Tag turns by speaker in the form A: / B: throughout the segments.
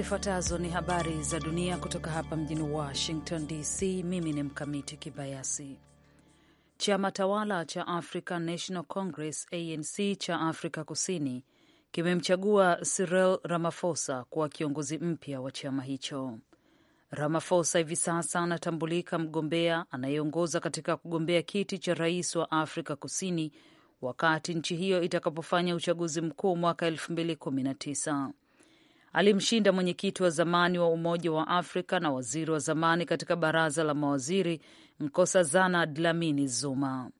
A: Zifuatazo ni habari za dunia kutoka hapa mjini Washington DC. Mimi ni Mkamiti Kibayasi. Chama tawala cha African National Congress ANC cha Afrika Kusini kimemchagua Cyril Ramaphosa kuwa kiongozi mpya wa chama hicho. Ramaphosa hivi sasa anatambulika mgombea anayeongoza katika kugombea kiti cha rais wa Afrika Kusini wakati nchi hiyo itakapofanya uchaguzi mkuu mwaka 2019 alimshinda mwenyekiti wa zamani wa Umoja wa Afrika na waziri wa zamani katika baraza la mawaziri Nkosazana Dlamini Zuma.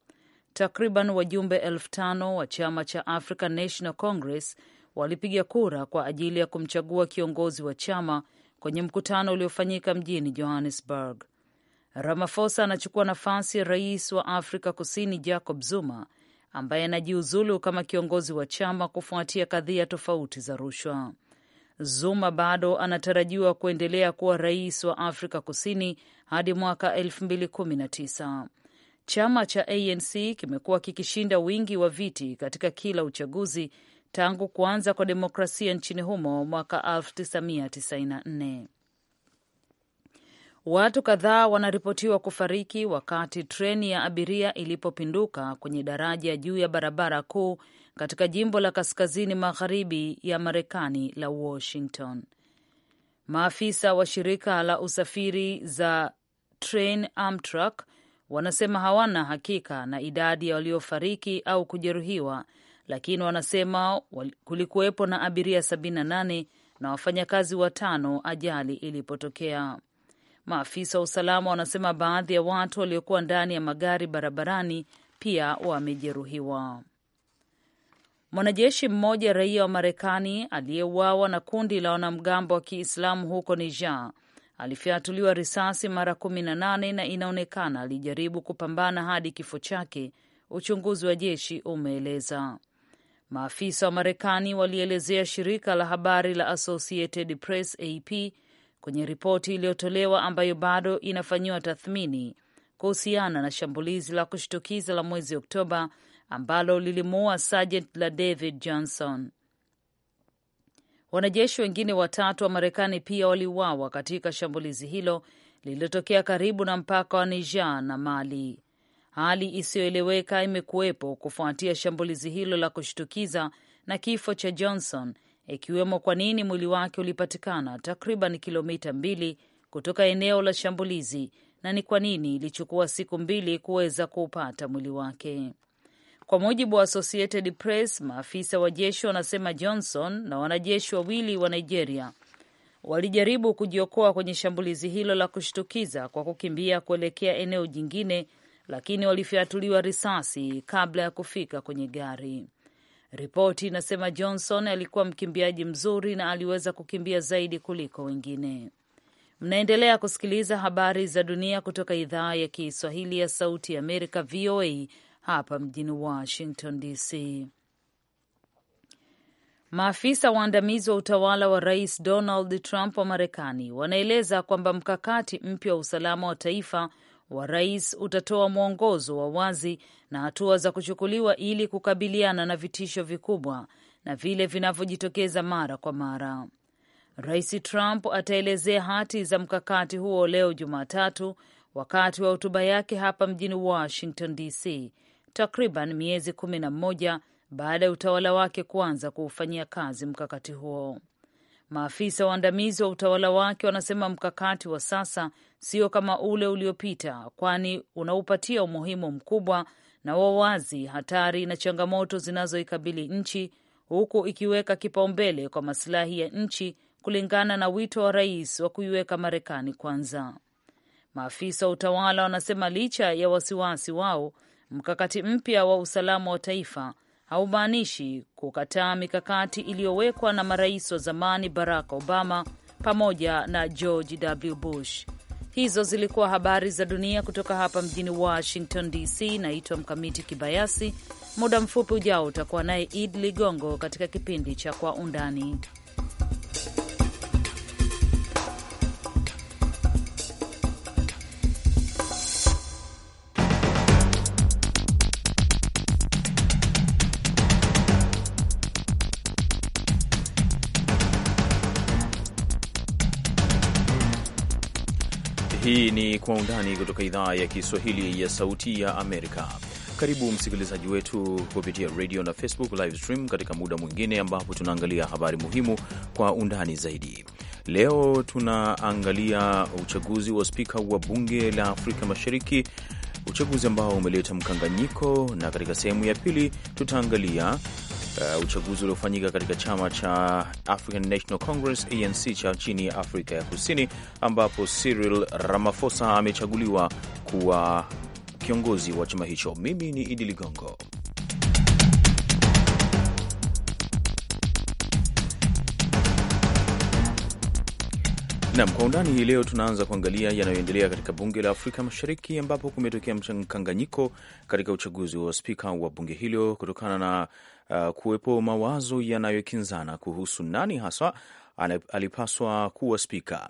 A: Takriban wajumbe elfu tano wa chama cha African National Congress walipiga kura kwa ajili ya kumchagua kiongozi wa chama kwenye mkutano uliofanyika mjini Johannesburg. Ramaphosa anachukua nafasi ya rais wa Afrika Kusini Jacob Zuma ambaye anajiuzulu kama kiongozi wa chama kufuatia kadhia tofauti za rushwa. Zuma bado anatarajiwa kuendelea kuwa rais wa Afrika Kusini hadi mwaka 2019. Chama cha ANC kimekuwa kikishinda wingi wa viti katika kila uchaguzi tangu kuanza kwa demokrasia nchini humo mwaka 1994. Watu kadhaa wanaripotiwa kufariki wakati treni ya abiria ilipopinduka kwenye daraja juu ya barabara kuu katika jimbo la kaskazini magharibi ya Marekani la Washington. Maafisa wa shirika la usafiri za Train Amtrak wanasema hawana hakika na idadi ya waliofariki au kujeruhiwa, lakini wanasema kulikuwepo na abiria 78 na wafanyakazi watano ajali ilipotokea. Maafisa wa usalama wanasema baadhi ya watu waliokuwa ndani ya magari barabarani pia wamejeruhiwa. Mwanajeshi mmoja raia wa Marekani aliyeuawa na kundi la wanamgambo wa Kiislamu huko Niger alifyatuliwa risasi mara kumi na nane na inaonekana alijaribu kupambana hadi kifo chake, uchunguzi wa jeshi umeeleza. Maafisa wa Marekani walielezea shirika la habari la Associated Press AP kwenye ripoti iliyotolewa ambayo bado inafanyiwa tathmini kuhusiana na shambulizi la kushtukiza la mwezi Oktoba ambalo lilimuua Sergeant la David Johnson. Wanajeshi wengine watatu wa Marekani pia waliuawa katika shambulizi hilo lililotokea karibu na mpaka wa Niger na Mali. Hali isiyoeleweka imekuwepo kufuatia shambulizi hilo la kushtukiza na kifo cha Johnson, ikiwemo kwa nini mwili wake ulipatikana takriban kilomita mbili kutoka eneo la shambulizi na ni kwa nini ilichukua siku mbili kuweza kuupata mwili wake. Kwa mujibu wa Associated Press, maafisa wa jeshi wanasema Johnson na wanajeshi wawili wa Nigeria walijaribu kujiokoa kwenye shambulizi hilo la kushtukiza kwa kukimbia kuelekea eneo jingine, lakini walifyatuliwa risasi kabla ya kufika kwenye gari. Ripoti inasema Johnson alikuwa mkimbiaji mzuri na aliweza kukimbia zaidi kuliko wengine. Mnaendelea kusikiliza habari za dunia kutoka idhaa ya Kiswahili ya Sauti ya Amerika, VOA, hapa mjini Washington DC. Maafisa waandamizi wa utawala wa Rais Donald Trump wa Marekani wanaeleza kwamba mkakati mpya wa usalama wa taifa wa rais utatoa mwongozo wa wazi na hatua za kuchukuliwa ili kukabiliana na vitisho vikubwa na vile vinavyojitokeza mara kwa mara. Rais Trump ataelezea hati za mkakati huo leo Jumatatu wakati wa hotuba yake hapa mjini Washington DC takriban miezi kumi na mmoja baada ya utawala wake kuanza kuufanyia kazi mkakati huo. Maafisa waandamizi wa utawala wake wanasema mkakati wa sasa sio kama ule uliopita, kwani unaupatia umuhimu mkubwa na wawazi hatari na changamoto zinazoikabili nchi huku ikiweka kipaumbele kwa masilahi ya nchi kulingana na wito wa rais wa kuiweka Marekani kwanza. Maafisa wa utawala wanasema licha ya wasiwasi wao Mkakati mpya wa usalama wa taifa haumaanishi kukataa mikakati iliyowekwa na marais wa zamani Barack Obama pamoja na George W. Bush. Hizo zilikuwa habari za dunia kutoka hapa mjini Washington DC. Naitwa Mkamiti Kibayasi. Muda mfupi ujao utakuwa naye Id Ligongo katika kipindi cha Kwa Undani.
B: Hii ni Kwa Undani kutoka idhaa ya Kiswahili ya Sauti ya Amerika. Karibu msikilizaji wetu kupitia radio na Facebook live stream katika muda mwingine ambapo tunaangalia habari muhimu kwa undani zaidi. Leo tunaangalia uchaguzi wa spika wa bunge la Afrika Mashariki, uchaguzi ambao umeleta mkanganyiko, na katika sehemu ya pili tutaangalia uh, uchaguzi uliofanyika katika chama cha African National Congress ANC cha nchini Afrika ya Kusini, ambapo Cyril Ramaphosa amechaguliwa kuwa kiongozi wa chama hicho. Mimi ni Idi Ligongo. Nam kwa undani hii leo, tunaanza kuangalia yanayoendelea katika bunge la Afrika Mashariki, ambapo kumetokea mchanganyiko katika uchaguzi wa spika wa bunge hilo kutokana na uh, kuwepo mawazo yanayokinzana kuhusu nani haswa alipaswa kuwa spika.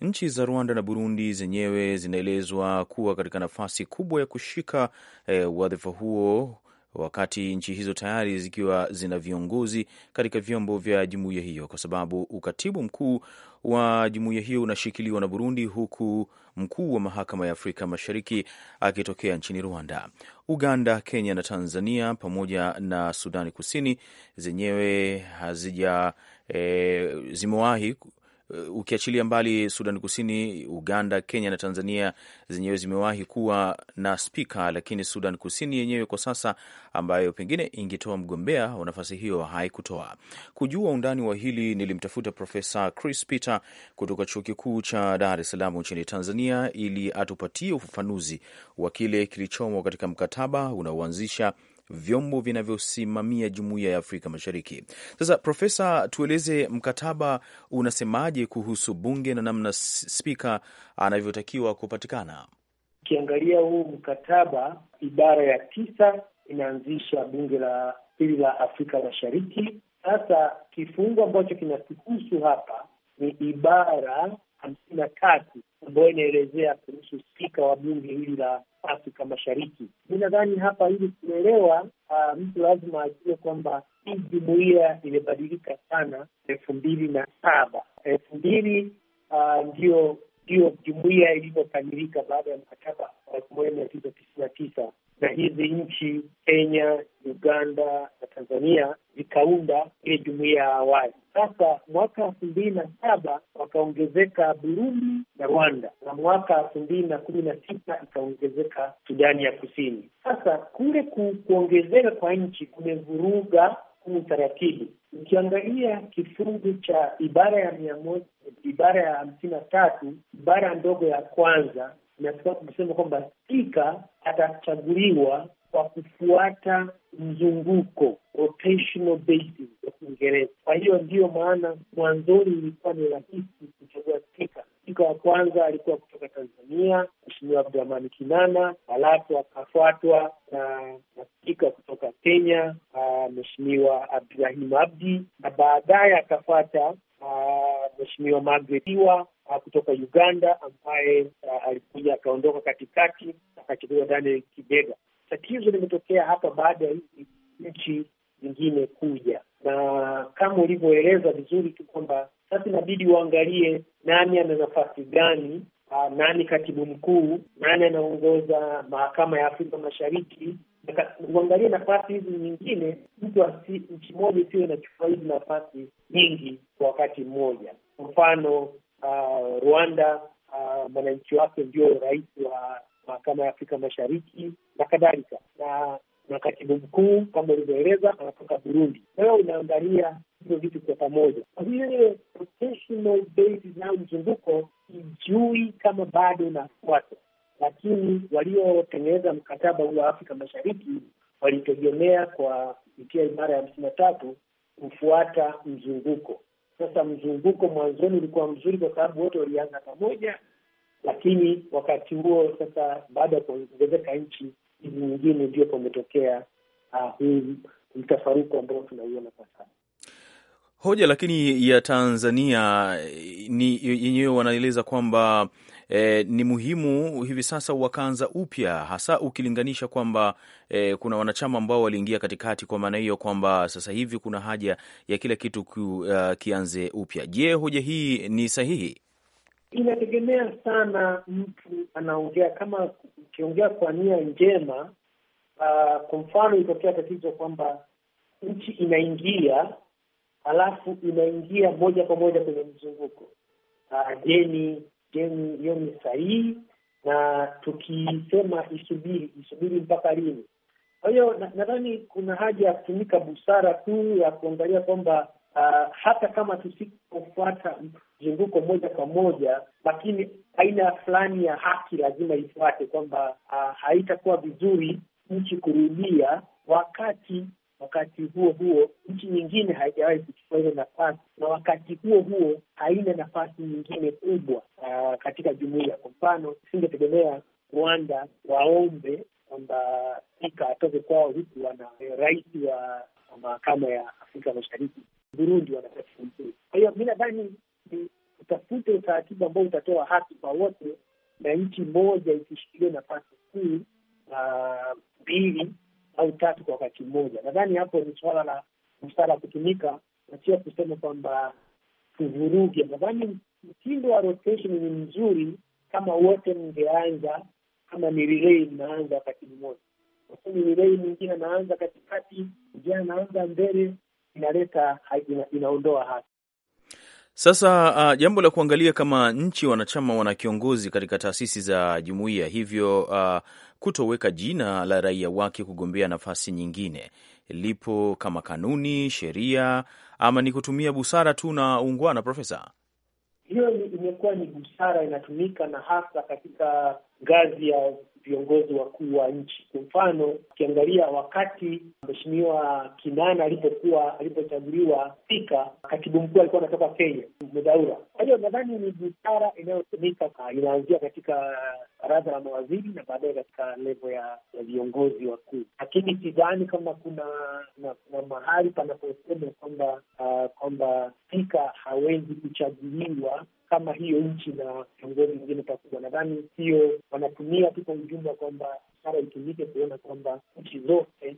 B: Nchi za Rwanda na Burundi zenyewe zinaelezwa kuwa katika nafasi kubwa ya kushika eh, wadhifa huo wakati nchi hizo tayari zikiwa zina viongozi katika vyombo vya jumuiya hiyo, kwa sababu ukatibu mkuu wa jumuiya hiyo unashikiliwa na Burundi, huku mkuu wa mahakama ya Afrika Mashariki akitokea nchini Rwanda. Uganda, Kenya na Tanzania pamoja na Sudani Kusini zenyewe hazija e, zimewahi uh, ukiachilia mbali Sudan Kusini, Uganda, Kenya na Tanzania zenyewe zimewahi kuwa na spika, lakini Sudan Kusini yenyewe kwa sasa, ambayo pengine ingetoa mgombea wa nafasi hiyo, haikutoa. Kujua undani wa hili, nilimtafuta Profesa Chris Peter kutoka Chuo Kikuu cha Dar es Salaam nchini Tanzania ili atupatie ufafanuzi wa kile kilichomo katika mkataba unaoanzisha vyombo vinavyosimamia jumuiya ya Afrika Mashariki. Sasa Profesa, tueleze mkataba unasemaje kuhusu bunge na namna spika anavyotakiwa kupatikana?
C: Ukiangalia huu mkataba, ibara ya tisa inaanzisha bunge la pili la Afrika Mashariki. Sasa kifungu ambacho kinatuhusu hapa ni ibara hamsini na tatu ambayo inaelezea kuhusu spika wa bunge hili la Afrika Mashariki. Mi nadhani hapa, ili kuelewa uh, mtu lazima ajue kwamba hii jumuiya imebadilika sana elfu mbili na saba elfu mbili ah, ndio ndio jumuiya ilivyokamilika baada ya mkataba wa elfu moja mia tisa tisini na tisa na hizi nchi Kenya, Uganda na Tanzania zikaunda ile jumuiya ya awali. Sasa mwaka elfu mbili na saba wakaongezeka Burundi na Rwanda, na mwaka elfu mbili na kumi na sita ikaongezeka Sudani ya Kusini. Sasa kule ku, kuongezeka kwa nchi kumevuruga huu utaratibu. Ukiangalia kifungu cha ibara ya mia moja ibara ya hamsini na tatu ibara ndogo ya kwanza inasema kwamba spika atachaguliwa kwa kufuata mzunguko rotational basis kwa Kiingereza. Kwa hiyo ndiyo maana mwanzoni ilikuwa ni rahisi kuchagua spika. Spika wa kwanza alikuwa kutoka Tanzania, Mheshimiwa Abdurahmani Kinana, halafu akafuatwa na spika kutoka Kenya, ah, Mheshimiwa Abdurahim Abdi, na baadaye akafuata ah, Mheshimiwa Margaret ah, kutoka Uganda ambaye alikuja akaondoka katikati akachukuliwa Daniel Kibeda tatizo limetokea hapa baada ya hizi nchi zingine kuja, na kama ulivyoeleza vizuri tu kwamba sasa inabidi uangalie nani ana nafasi gani, ah, nani katibu mkuu, nani anaongoza mahakama ya Afrika Mashariki, uangalie nafasi hizi nyingine, mtu nchi moja isiwe inachukua hizi nafasi nyingi kwa wakati mmoja. Kwa mfano uh, Rwanda, uh, mwananchi wake ndio rais wa mahakama ya Afrika Mashariki na kadhalika, na na katibu mkuu kama ulivyoeleza anatoka Burundi. Leo unaangalia hivyo vitu kwa pamoja, kwa hiyo rotational basis au mzunguko sijui kama bado unafuata, lakini waliotengeneza mkataba huu wa Afrika Mashariki walitegemea kwa kupitia ibara ya hamsini na tatu kufuata mzunguko. Sasa mzunguko mwanzoni ulikuwa mzuri kwa sababu wote walianza pamoja lakini wakati huo sasa, baada ya kuongezeka nchi hizi nyingine, ndio pametokea ah, huu mtafaruku ambao tunauona kwa sasa.
B: Hoja lakini ya Tanzania eh, ni yenyewe wanaeleza kwamba eh, ni muhimu hivi sasa wakaanza upya, hasa ukilinganisha kwamba eh, kuna wanachama ambao waliingia katikati. Kwa maana hiyo kwamba sasa hivi kuna haja ya kila kitu ku, uh, kianze upya. Je, hoja hii ni sahihi?
C: Inategemea sana mtu anaongea, kama ukiongea kwa nia njema. Uh, kwa mfano itokea tatizo kwamba nchi inaingia halafu inaingia moja kwa moja kwenye mzunguko uh, jeni jeni, hiyo ni sahihi, na tukisema isubiri isubiri mpaka lini? Kwa hiyo nadhani kuna haja ya kutumika busara tu ya kuangalia kwamba uh, hata kama tusipofuata mzunguko moja kwa moja, lakini aina fulani ya haki lazima ifuate, kwamba uh, haitakuwa vizuri nchi kurudia wakati wakati huo huo nchi nyingine haijawahi kuchukua hiyo nafasi, na wakati huo huo haina nafasi nyingine kubwa uh, katika jumuiya. Kwa mfano, isingetegemea Rwanda waombe kwamba Afrika atoke kwao, huku wana rais wa mahakama ya Afrika Mashariki Burundi wanataka kufunzuri. Kwa hiyo mi nadhani utafute utaratibu ambao utatoa haki kwa wote, na nchi moja ikishikilia nafasi kuu ah, mbili au tatu kwa wakati mmoja. Nadhani hapo ni suala la msara kutumika na sio kusema kwamba tuvuruge. Nadhani mtindo wa rotation ni mzuri kama wote mngeanza kama ni relay mnaanza wakati mmoja, lakini relay mwingine anaanza katikati, mwingine anaanza mbele, inaleta ina, inaondoa haki.
B: Sasa uh, jambo la kuangalia kama nchi wanachama wana kiongozi katika taasisi za jumuiya, hivyo uh, kutoweka jina la raia wake kugombea nafasi nyingine lipo kama kanuni, sheria ama ni kutumia busara tu na ungwana? Profesa,
C: hiyo imekuwa ni busara inatumika na hasa katika ngazi ya viongozi wakuu wa nchi. Kwa mfano, ukiangalia wakati Mheshimiwa Kinana alipokuwa alipochaguliwa spika, katibu mkuu alikuwa anatoka Kenya, Mudaura. Kwa hiyo nadhani ni busara inayotumika, inaanzia katika baraza la mawaziri na baadaye katika levo ya viongozi wakuu, lakini sidhani kama kuna na, na mahali panaposema kwamba uh, kwamba spika hawezi kuchaguliwa kama hiyo nchi na viongozi wengine pakubwa. Nadhani hiyo wanatumia tu kwa ujumla kwamba ishara itumike kuona kwamba nchi zote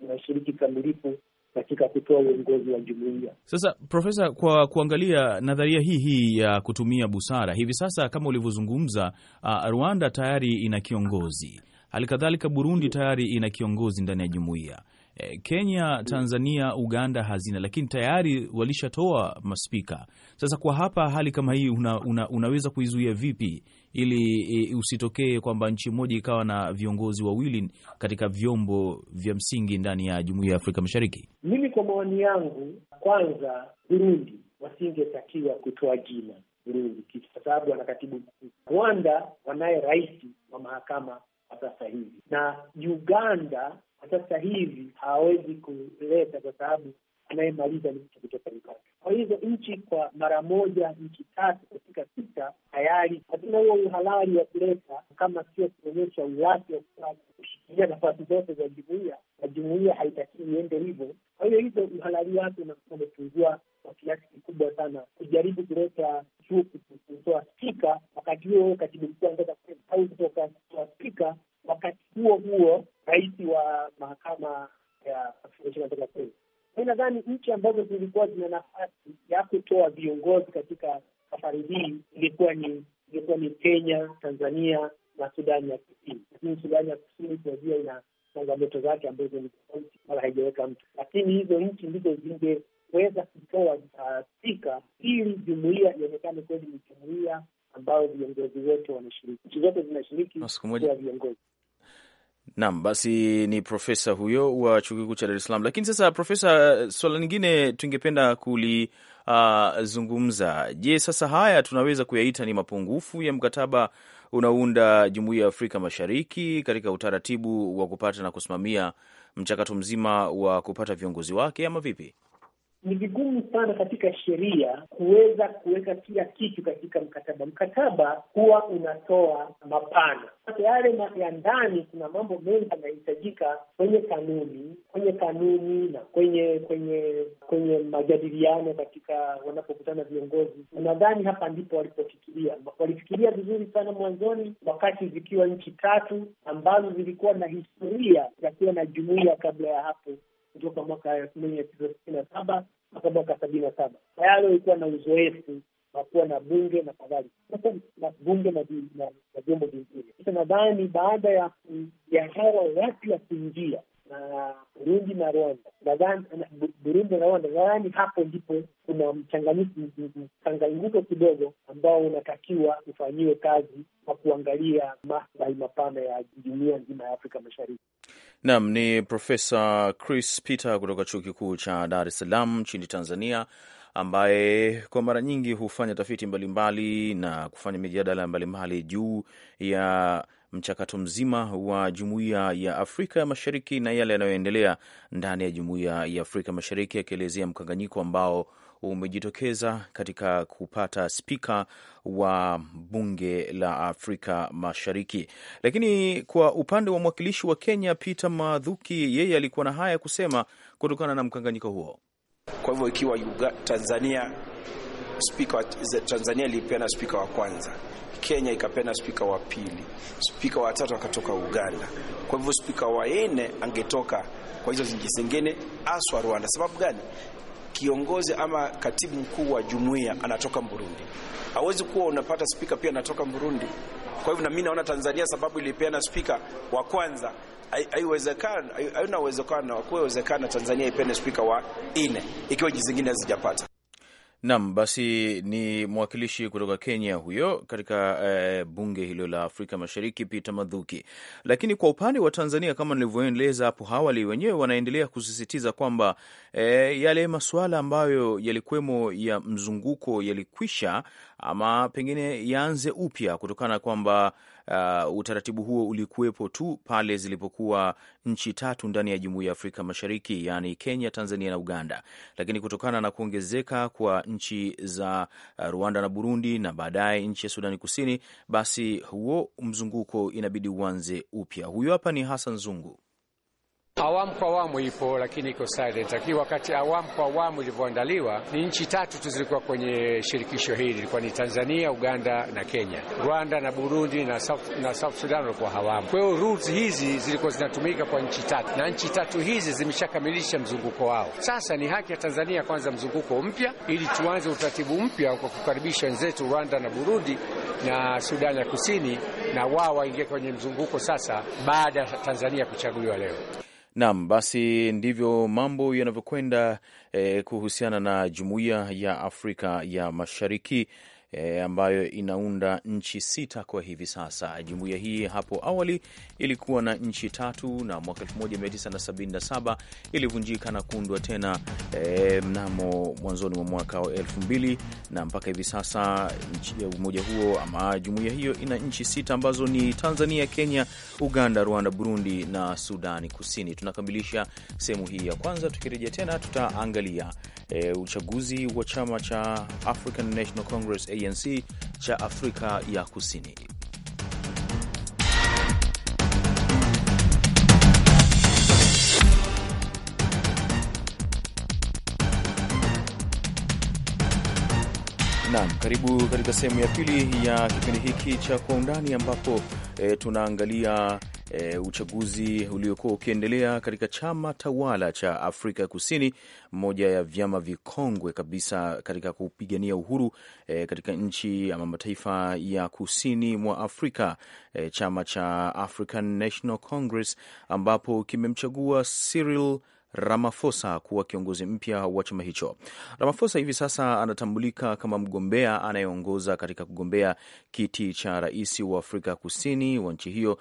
C: zinashiriki kikamilifu katika kutoa uongozi wa jumuiya.
B: Sasa Profesa, kwa kuangalia nadharia hii hii ya kutumia busara, hivi sasa kama ulivyozungumza, uh, Rwanda tayari ina kiongozi, hali kadhalika Burundi tayari ina kiongozi ndani ya jumuiya. E, Kenya, Tanzania, Uganda hazina, lakini tayari walishatoa maspika. Sasa kwa hapa hali kama hii una, una, unaweza kuizuia vipi ili e, usitokee kwamba nchi moja ikawa na viongozi wawili katika vyombo vya msingi ndani ya Jumuiya ya Afrika Mashariki?
C: Mimi kwa maoni yangu, kwanza Burundi wasingetakiwa kutoa jina Burundi kwa sababu wana katibu mkuu. Rwanda wanaye rais wa mahakama kwa sasa hivi, na Uganda kwa sasa hivi hawawezi kuleta kwa sababu anayemaliza ni mtu kutoka Uganda. Kwa hivyo nchi kwa mara moja, nchi tatu katika sita tayari hatuna huo uhalali wa kuleta, kama sio kuonyesha uwasi wa kufanya kushikilia nafasi zote za jumuia, na jumuia haitakii iende hivyo. Kwa hiyo hizo uhalali wake unakuwa umepungua kwa kiasi kikubwa sana, kujaribu kuleta chuki, kutoa spika wakati huo katibu mkuu anataka au kutoka kutoa spika wakati huo huo rais wa mahakama ya anataka Mi nadhani nchi ambazo zilikuwa zina nafasi ya kutoa viongozi katika safari hii ilikuwa ni ilikuwa ni Kenya, Tanzania na Sudani ya Kusini, lakini Sudani ya Kusini tunajua ina changamoto zake ambazo ni tofauti, wala haijaweka mtu, lakini hizo nchi ndizo zingeweza kutoa spika ili jumuia ionekane kweli ni jumuia ambayo viongozi wote wanashiriki, nchi zote zinashiriki kwa viongozi
B: Naam, basi ni profesa huyo wa chuo kikuu cha Dar es Salaam. Lakini sasa, profesa, swala lingine tungependa kulizungumza. Uh, je, sasa haya tunaweza kuyaita ni mapungufu ya mkataba unaounda jumuiya ya Afrika Mashariki katika utaratibu wa kupata na kusimamia mchakato mzima wa kupata viongozi wake ama vipi?
C: ni vigumu sana katika sheria kuweza kuweka kila kitu katika mkataba. Mkataba huwa unatoa mapana yale ya ndani, kuna mambo mengi yanahitajika kwenye kanuni, kwenye kanuni na kwenye kwenye kwenye majadiliano katika wanapokutana viongozi. Nadhani hapa ndipo walipofikiria, walifikiria vizuri sana mwanzoni, wakati zikiwa nchi tatu ambazo zilikuwa na historia ya kuwa na jumuiya kabla ya hapo kutoka mwaka elfu moja mia tisa sitini na saba mpaka mwaka sabini na saba tayari walikuwa na uzoefu wa kuwa na bunge na kadhalika, na bunge na vyombo vingine. Sasa nadhani baada ya hawa watu ya kuingia na Burundi na Rwanda, nadhani Burundi na Rwanda, nadhani hapo ndipo kuna mchanganyiko kidogo ambao unatakiwa ufanyiwe kazi kwa kuangalia maslahi mapana ya jumuiya nzima ya Afrika Mashariki.
B: Naam, ni Profesa Chris Peter kutoka Chuo Kikuu cha Dar es Salaam nchini Tanzania ambaye kwa mara nyingi hufanya tafiti mbalimbali mbali na kufanya mijadala mbalimbali juu ya mchakato mzima wa jumuiya ya Afrika Mashariki na yale yanayoendelea ndani ya jumuiya ya Afrika Mashariki, akielezea mkanganyiko ambao umejitokeza katika kupata spika wa bunge la Afrika Mashariki. Lakini kwa upande wa mwakilishi wa Kenya Peter Maadhuki, yeye alikuwa na haya ya kusema kutokana na mkanganyiko huo.
D: Kwa hivyo ikiwa Tanzania, spika wa Tanzania ilipeana spika wa kwanza Kenya ikapenda spika wa pili, spika wa tatu akatoka Uganda. Kwa hivyo spika wa nne angetoka kwa hizo zingi zingine, aswa Rwanda. Sababu gani? Kiongozi ama katibu mkuu wa jumuiya anatoka Burundi, hawezi kuwa unapata spika pia anatoka Burundi. Kwa hivyo na mimi naona Tanzania sababu ilipeana spika wa kwanza haiwezekana, haina uwezekano, hakuwezekana Tanzania ipende spika wa nne ikiwa nchi zingine hazijapata.
B: Nam, basi ni mwakilishi kutoka Kenya huyo katika e, bunge hilo la Afrika Mashariki, Peter Madhuki. Lakini kwa upande wa Tanzania, kama nilivyoeleza hapo awali, wenyewe wanaendelea kusisitiza kwamba e, yale masuala ambayo yalikuwemo ya mzunguko yalikwisha, ama pengine yaanze upya kutokana na kwamba Uh, utaratibu huo ulikuwepo tu pale zilipokuwa nchi tatu ndani ya Jumuiya ya Afrika Mashariki, yaani Kenya, Tanzania na Uganda, lakini kutokana na kuongezeka kwa nchi za uh, Rwanda na Burundi na baadaye nchi ya Sudani Kusini, basi huo mzunguko inabidi uanze upya. huyu hapa ni Hassan Zungu.
D: Awamu kwa awamu ipo, lakini iko silent. Lakini wakati awamu kwa awamu ilivyoandaliwa, ni nchi tatu tu zilikuwa kwenye shirikisho hili, ilikuwa ni Tanzania, Uganda na Kenya. Rwanda na Burundi na South, na South Sudan walikuwa hawamu. Kwa hiyo rules hizi zilikuwa zinatumika kwa nchi tatu, na nchi tatu hizi zimeshakamilisha mzunguko wao. Sasa ni haki ya Tanzania kwanza mzunguko mpya, ili tuanze utaratibu mpya kwa kukaribisha wenzetu Rwanda na Burundi na Sudan ya Kusini, na wao waingie kwenye mzunguko sasa baada ya Tanzania kuchaguliwa leo.
B: Naam, basi ndivyo mambo yanavyokwenda eh, kuhusiana na jumuiya ya Afrika ya Mashariki e, ambayo inaunda nchi sita kwa hivi sasa. Jumuiya hii hapo awali ilikuwa na nchi tatu na mwaka 1977 ilivunjika na kuundwa tena e, mnamo mwanzoni mwa mwaka wa elfu mbili na mpaka hivi sasa umoja huo ama jumuiya hiyo ina nchi sita ambazo ni Tanzania, Kenya, Uganda, Rwanda, Burundi na Sudani Kusini. Tunakamilisha sehemu hii ya kwanza. Tukirejea tena tutaangalia e, uchaguzi wa chama cha African National Congress ANC cha Afrika ya Kusini. Naam, karibu katika sehemu ya pili ya kipindi hiki cha Kwa Undani ambapo e, tunaangalia e, uchaguzi uliokuwa ukiendelea katika chama tawala cha Afrika Kusini, moja ya vyama vikongwe kabisa katika kupigania uhuru e, katika nchi ama mataifa ya kusini mwa Afrika e, chama cha African National Congress ambapo kimemchagua Cyril ramafosa kuwa kiongozi mpya wa chama hicho. ramafosa hivi sasa anatambulika kama mgombea anayeongoza katika kugombea kiti cha rais wa Afrika Kusini wa nchi hiyo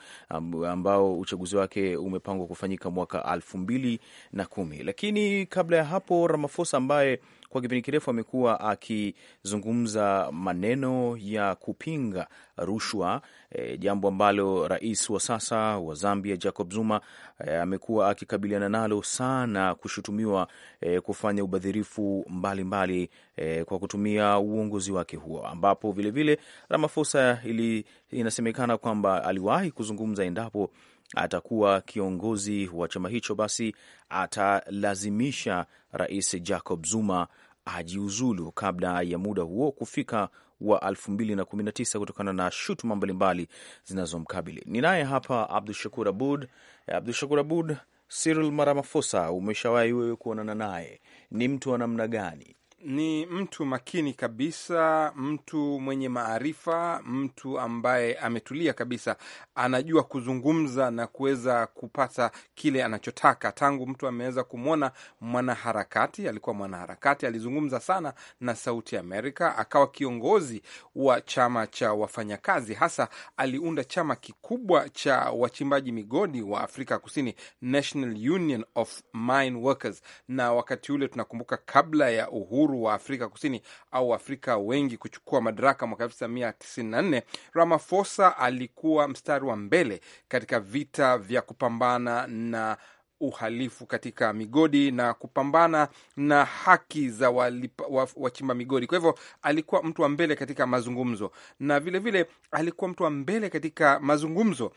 B: ambao uchaguzi wake umepangwa kufanyika mwaka elfu mbili na kumi, lakini kabla ya hapo ramafosa ambaye kwa kipindi kirefu amekuwa akizungumza maneno ya kupinga rushwa e, jambo ambalo rais wa sasa wa Zambia Jacob Zuma e, amekuwa akikabiliana nalo sana, kushutumiwa e, kufanya ubadhirifu mbalimbali e, kwa kutumia uongozi wake huo, ambapo vilevile Ramaphosa ili, inasemekana kwamba aliwahi kuzungumza endapo atakuwa kiongozi wa chama hicho, basi atalazimisha Rais Jacob Zuma ajiuzulu kabla ya muda huo kufika wa 2019 kutokana na shutuma mbalimbali zinazomkabili. Ni naye hapa Abdu Shakur Abud. Abdu Shakur Abud, Cyril Maramafosa, umeshawahi wewe kuonana naye, ni mtu wa namna
D: gani? ni mtu makini kabisa, mtu mwenye maarifa, mtu ambaye ametulia kabisa, anajua kuzungumza na kuweza kupata kile anachotaka. Tangu mtu ameweza kumwona mwanaharakati, alikuwa mwanaharakati, alizungumza sana na Sauti Amerika, akawa kiongozi wa chama cha wafanyakazi, hasa aliunda chama kikubwa cha wachimbaji migodi wa Afrika Kusini, National Union of Mine Workers, na wakati ule tunakumbuka kabla ya uhuru uhuru wa Afrika Kusini au Afrika wengi kuchukua madaraka mwaka 1994, Ramaphosa alikuwa mstari wa mbele katika vita vya kupambana na uhalifu katika migodi na kupambana na haki za walipa, wachimba migodi. Kwa hivyo alikuwa mtu wa mbele katika mazungumzo na vilevile vile, alikuwa mtu wa mbele katika mazungumzo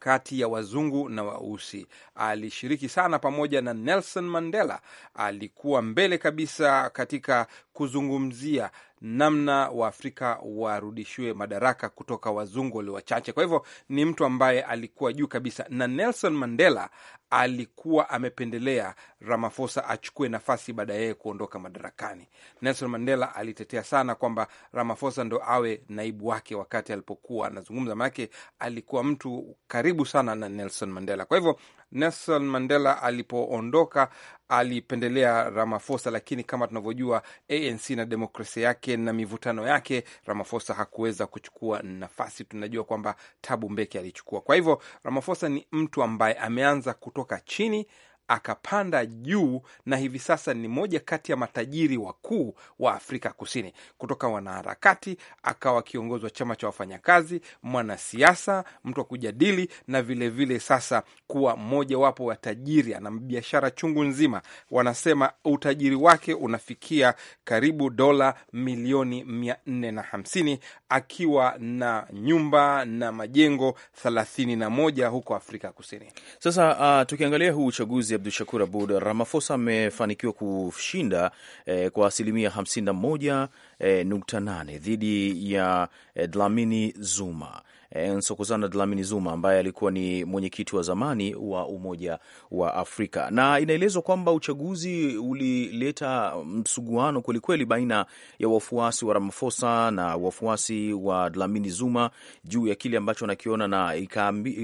D: kati ya wazungu na weusi. Alishiriki sana pamoja na Nelson Mandela, alikuwa mbele kabisa katika kuzungumzia namna Waafrika warudishiwe madaraka kutoka wazungu walio wachache. Kwa hivyo ni mtu ambaye alikuwa juu kabisa, na Nelson Mandela alikuwa amependelea ramafosa achukue nafasi baada ya yeye kuondoka madarakani. Nelson Mandela alitetea sana kwamba ramafosa ndo awe naibu wake wakati alipokuwa anazungumza, manake alikuwa mtu karibu sana na Nelson Mandela. Kwa hivyo Nelson Mandela alipoondoka alipendelea ramafosa lakini kama tunavyojua ANC na demokrasia yake na mivutano yake, ramafosa hakuweza kuchukua nafasi. Tunajua kwamba Tabu Mbeki alichukua. Kwa hivyo Ramafosa ni mtu ambaye ameanza kuto Tocatini, akapanda juu na hivi sasa ni moja kati ya matajiri wakuu wa Afrika Kusini. Kutoka wanaharakati akawa kiongozi wa chama cha wafanyakazi, mwanasiasa, mtu wa kujadili na vilevile vile sasa kuwa mmojawapo wa tajiri. Ana biashara chungu nzima, wanasema utajiri wake unafikia karibu dola milioni mia nne na hamsini akiwa na nyumba na majengo thelathini na moja huko Afrika Kusini.
B: Sasa uh, tukiangalia huu uchaguzi Abdu Shakur Abud, Ramafosa amefanikiwa kushinda eh, kwa asilimia 51.8 eh, dhidi ya eh, Dlamini Zuma eh, Nsokozana Dlamini Zuma ambaye alikuwa ni mwenyekiti wa zamani wa Umoja wa Afrika, na inaelezwa kwamba uchaguzi ulileta msuguano kwelikweli baina ya wafuasi wa ramafosa na wafuasi wa Dlamini Zuma juu ya kile ambacho anakiona, na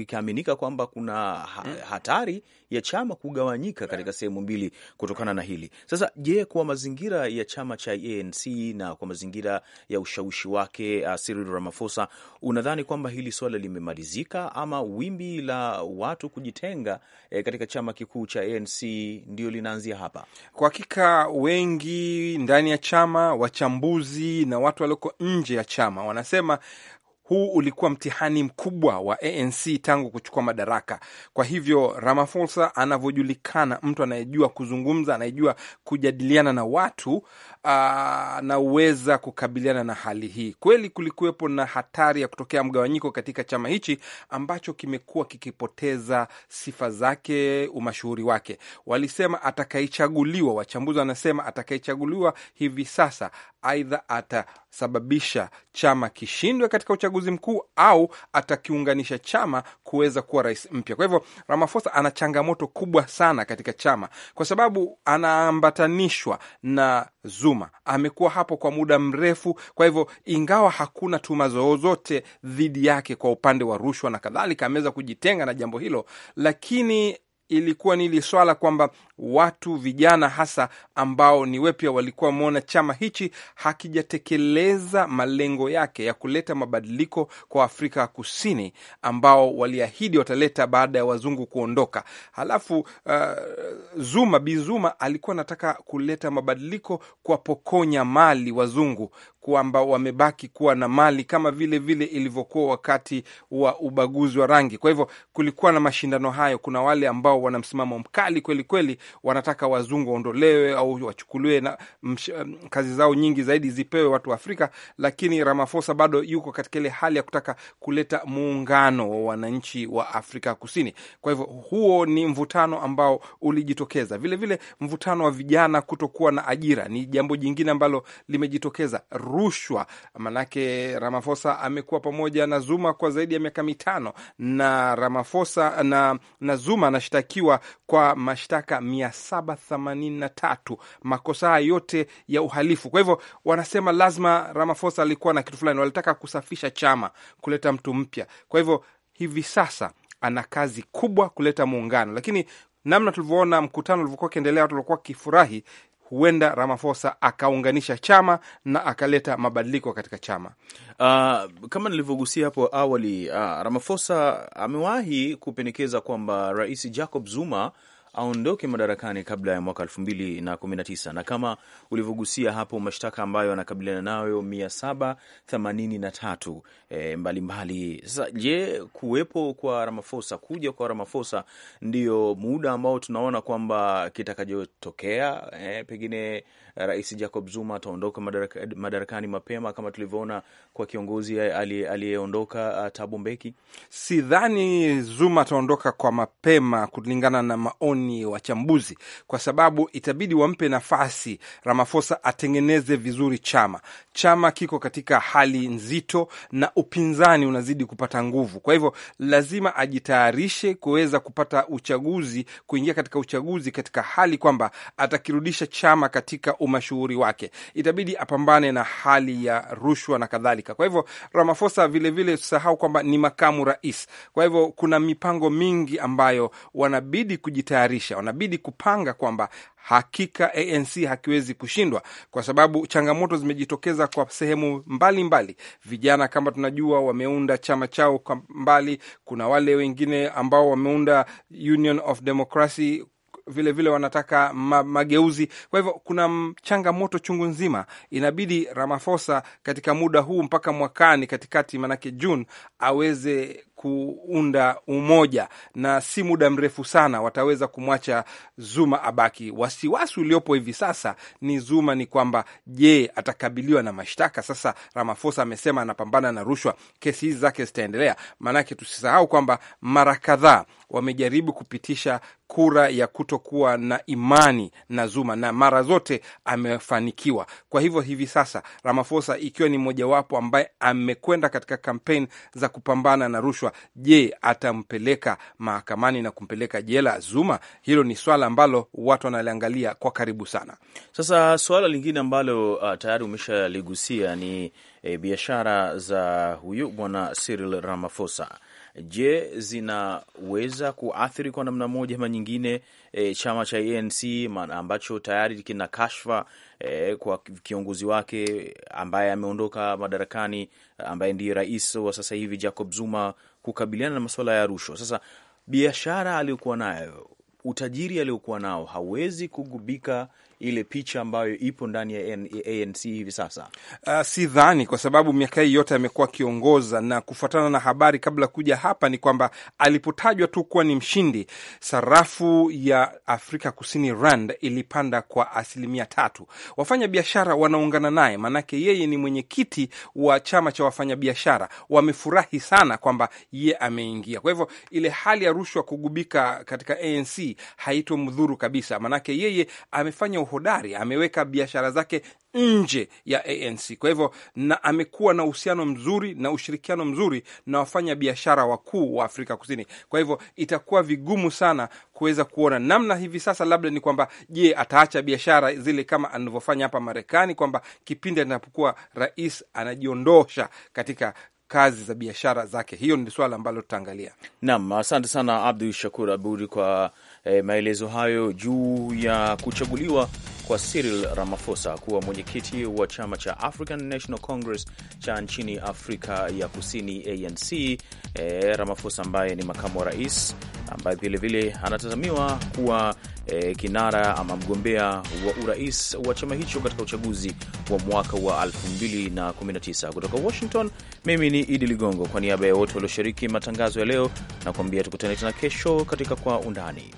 B: ikaaminika kwamba kuna hmm. hatari ya chama kugawanyika katika sehemu mbili kutokana na hili. Sasa je, kwa mazingira ya chama cha ANC na kwa mazingira ya ushawishi wake uh, Cyril Ramaphosa, unadhani kwamba hili swala limemalizika ama wimbi la watu kujitenga
D: e, katika chama kikuu cha ANC ndio linaanzia hapa? Kwa hakika wengi ndani ya chama, wachambuzi na watu walioko nje ya chama wanasema huu ulikuwa mtihani mkubwa wa ANC tangu kuchukua madaraka. Kwa hivyo Ramaphosa anavyojulikana, mtu anayejua kuzungumza, anayejua kujadiliana na watu, anaweza uh, kukabiliana na hali hii? Kweli kulikuwepo na hatari ya kutokea mgawanyiko katika chama hichi ambacho kimekuwa kikipoteza sifa zake, umashuhuri wake. Walisema atakayechaguliwa, wachambuzi wanasema atakayechaguliwa hivi sasa, aidha atasababisha chama kishindwe katika uchaguzi mkuu au atakiunganisha chama kuweza kuwa rais mpya. Kwa hivyo Ramaphosa ana changamoto kubwa sana katika chama kwa sababu anaambatanishwa na Zuma amekuwa hapo kwa muda mrefu. Kwa hivyo, ingawa hakuna tuma zozote dhidi yake kwa upande wa rushwa na kadhalika, ameweza kujitenga na jambo hilo, lakini ilikuwa ni ili swala kwamba watu vijana hasa ambao ni wepya walikuwa wameona chama hichi hakijatekeleza malengo yake ya kuleta mabadiliko kwa Afrika Kusini ambao waliahidi wataleta baada ya wazungu kuondoka. Halafu uh, Zuma Bi Zuma alikuwa anataka kuleta mabadiliko kwa pokonya mali wazungu kwamba wamebaki kuwa na mali kama vile vile ilivyokuwa wakati wa ubaguzi wa rangi. Kwa hivyo kulikuwa na mashindano hayo, kuna wale ambao ambao wana msimamo mkali kweli kweli, wanataka wazungu waondolewe au wachukuliwe na msh, um, kazi zao nyingi zaidi zipewe watu wa Afrika, lakini Ramaphosa bado yuko katika ile hali ya kutaka kuleta muungano wa wananchi wa Afrika Kusini. Kwa hivyo huo ni mvutano ambao ulijitokeza vilevile vile, mvutano wa vijana kutokuwa na ajira ni jambo jingine ambalo limejitokeza. Rushwa, manake Ramaphosa amekuwa pamoja na Zuma kwa zaidi ya miaka mitano na Ramaphosa na, na Zuma anashitaki anashtakiwa kwa mashtaka 783 makosa haya yote ya uhalifu. Kwa hivyo wanasema lazima Ramaphosa alikuwa na kitu fulani, walitaka kusafisha chama, kuleta mtu mpya. Kwa hivyo hivi sasa ana kazi kubwa kuleta muungano, lakini namna tulivyoona mkutano ulivyokuwa ukiendelea, watu walikuwa wakifurahi huenda Ramaphosa akaunganisha chama na akaleta mabadiliko katika chama.
B: Uh, kama nilivyogusia hapo awali, uh, ah, Ramaphosa amewahi kupendekeza kwamba Rais Jacob Zuma aondoke madarakani kabla ya mwaka 2019 na kama ulivyogusia hapo, mashtaka ambayo anakabiliana nayo 783 e, eh, mbalimbali. Sasa je, kuwepo kwa Ramaphosa, kuja kwa Ramaphosa ndio muda ambao tunaona kwamba kitakachotokea, e, pengine Rais Jacob Zuma ataondoka madaraka, madarakani mapema kama tulivyoona kwa kiongozi
D: aliyeondoka eh, tabu Mbeki. Sidhani Zuma ataondoka kwa mapema kulingana na maoni ni wachambuzi, kwa sababu itabidi wampe nafasi Ramaphosa atengeneze vizuri chama. Chama kiko katika hali nzito na upinzani unazidi kupata nguvu, kwa hivyo lazima ajitayarishe kuweza kupata uchaguzi, kuingia katika uchaguzi katika hali kwamba atakirudisha chama katika umashuhuri wake. Itabidi apambane na hali ya rushwa na kadhalika. Kwa hivyo Ramaphosa vilevile usisahau kwamba ni makamu rais, kwa hivyo kuna mipango mingi ambayo wanabidi kujitayarisha kujiimarisha, wanabidi kupanga kwamba hakika ANC hakiwezi kushindwa, kwa sababu changamoto zimejitokeza kwa sehemu mbalimbali mbali. Vijana kama tunajua wameunda chama chao kwa mbali, kuna wale wengine ambao wameunda Union of Democracy vilevile vile wanataka ma mageuzi. Kwa hivyo kuna changamoto chungu nzima. Inabidi Ramaphosa katika muda huu mpaka mwakani katikati, manake June, aweze kuunda umoja na si muda mrefu sana wataweza kumwacha Zuma abaki. Wasiwasi uliopo hivi sasa ni Zuma ni kwamba je, atakabiliwa na mashtaka? Sasa Ramaphosa amesema anapambana na rushwa, kesi hizi zake zitaendelea. Maanake tusisahau kwamba mara kadhaa wamejaribu kupitisha kura ya kutokuwa na imani na Zuma na mara zote amefanikiwa. Kwa hivyo hivi sasa Ramaphosa ikiwa ni mojawapo ambaye amekwenda katika kampeni za kupambana na rushwa kukamatwa, je, atampeleka mahakamani na kumpeleka jela Zuma? Hilo ni swala ambalo watu wanaliangalia kwa karibu sana. Sasa suala
B: lingine ambalo uh, tayari umeshaligusia ni e, biashara za huyu bwana Cyril Ramaphosa je, zinaweza kuathiri kwa namna moja ama nyingine e, chama cha ANC ambacho tayari kina kashfa e, kwa kiongozi wake ambaye ameondoka madarakani ambaye ndiye rais wa sasa hivi Jacob Zuma kukabiliana na masuala ya rushwa. Sasa biashara aliyokuwa nayo utajiri aliokuwa nao hawezi kugubika ile picha ambayo ipo ndani
D: ya ANC hivi sasa? Uh, dhani kwa sababu miaka hii yote amekuwa akiongoza, na kufuatana na habari kabla kuja hapa ni kwamba alipotajwa tu kuwa ni mshindi, sarafu ya Afrika Kusini rand ilipanda kwa asilimia tatu. Wafanya biashara wanaungana naye, maanake yeye ni mwenyekiti wa chama cha wafanyabiashara. Wamefurahi sana kwamba ye ameingia. Kwa hivyo ile hali ya rushwa kugubika katika ANC haitomdhuru kabisa, maanake yeye amefanya hodari, ameweka biashara zake nje ya ANC. Kwa hivyo na amekuwa na uhusiano mzuri na ushirikiano mzuri na wafanya biashara wakuu wa Afrika Kusini. Kwa hivyo itakuwa vigumu sana kuweza kuona namna hivi sasa, labda ni kwamba je, ataacha biashara zile kama anavyofanya hapa Marekani, kwamba kipindi anapokuwa rais anajiondosha katika kazi za biashara zake. Hiyo ni suala ambalo tutaangalia.
B: Naam, asante sana Abdu Shakur Aburi kwa eh, maelezo hayo juu ya kuchaguliwa kwa Cyril Ramaphosa kuwa mwenyekiti wa chama cha African National Congress cha nchini Afrika ya Kusini ANC. E, eh, Ramaphosa ambaye ni makamu wa rais ambaye vilevile anatazamiwa kuwa e, kinara ama mgombea wa urais wa chama hicho katika uchaguzi wa mwaka wa 2019. Kutoka Washington, mimi ni Idi Ligongo, kwa niaba ya wote walioshiriki matangazo ya leo, nakuambia tukutane tena kesho katika Kwa Undani.